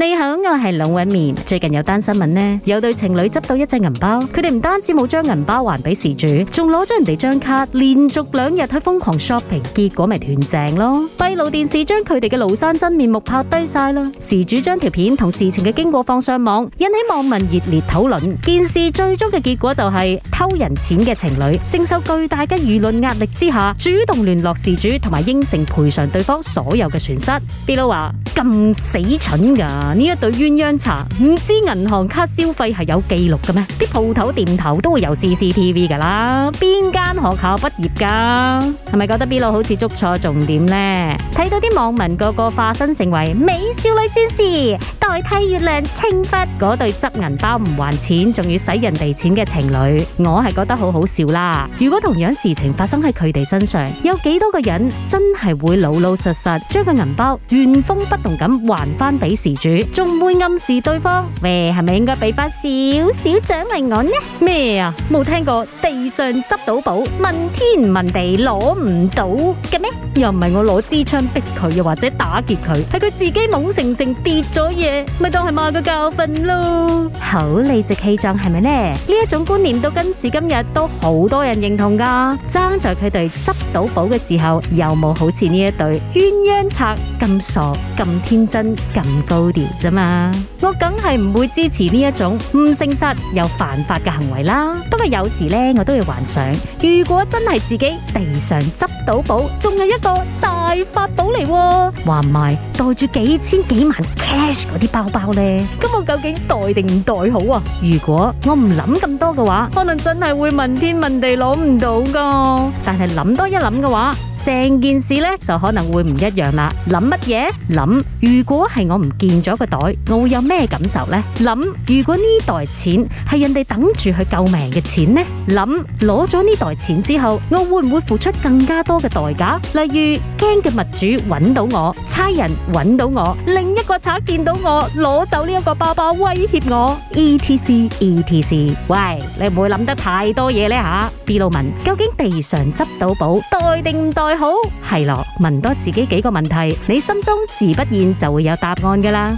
你好，我係龍紋敏。最近有單新聞呢，有對情侶執到一隻銀包，佢哋唔單止冇將銀包還俾事主，仲攞咗人哋張卡，連續兩日去瘋狂 shopping，結果咪斷正咯。閉路電視將佢哋嘅廬山真面目拍低晒咯。事主將條片同事情嘅經過放上網，引起網民熱烈討論。件事最終嘅結果就係、是、偷人錢嘅情侶，承受巨大嘅輿論壓力之下，主動聯絡事主同埋應承賠償對方所有嘅損失。Billu 話咁死蠢噶。呢一對鴛鴦茶唔知銀行卡消費係有記錄嘅咩？啲鋪頭店頭都會有 CCTV 噶啦，邊間學校畢業噶？係咪覺得 B 路好似捉錯重點呢？睇到啲網民個個化身成為美少女戰士，代替月亮懲罰嗰對執銀包唔還錢，仲要使人哋錢嘅情侶，我係覺得好好笑啦。如果同樣事情發生喺佢哋身上，有幾多個人真係會老老實實將個銀包原封不動咁還翻俾事主？仲會暗示對方？喂，係咪應該俾翻少少獎勵我點點呢？咩啊？冇聽過地上執到寶，問天問地攞唔到嘅咩？又唔係我攞支槍逼佢，又或者打劫佢，係佢自己懵成成跌咗嘢，咪當係嘛個教訓咯？好理直氣壯係咪呢？呢一種觀念到今時今日都好多人認同噶。爭在佢哋執到寶嘅時候，有冇好似呢一對鴛鴦賊咁傻、咁天真、咁高調？咋嘛？我梗係唔會支持呢一種唔誠實又犯法嘅行為啦。不過有時咧，我都會幻想，如果真係自己地上執到寶，仲係一個大發寶嚟，話唔埋袋住幾千幾萬 cash 嗰啲包包咧，咁我究竟袋定唔袋好啊？如果我唔諗咁多嘅話，可能真係會問天問地攞唔到噶。但係諗多一諗嘅話，成件事咧就可能會唔一樣啦。諗乜嘢？諗，如果係我唔見咗。咗個袋，我會有咩感受呢？諗如果呢袋錢係人哋等住去救命嘅錢呢？諗攞咗呢袋錢之後，我會唔會付出更加多嘅代價？例如驚嘅物主揾到我，差人揾到我，另一個賊見到我攞走呢一個包包，威脅我，etc，etc。T C, e T C、喂，你唔會諗得太多嘢呢吓？B 路文究竟地上執到寶袋定唔袋好？係咯，問多自己幾個問題，你心中自不然就會有答案噶啦。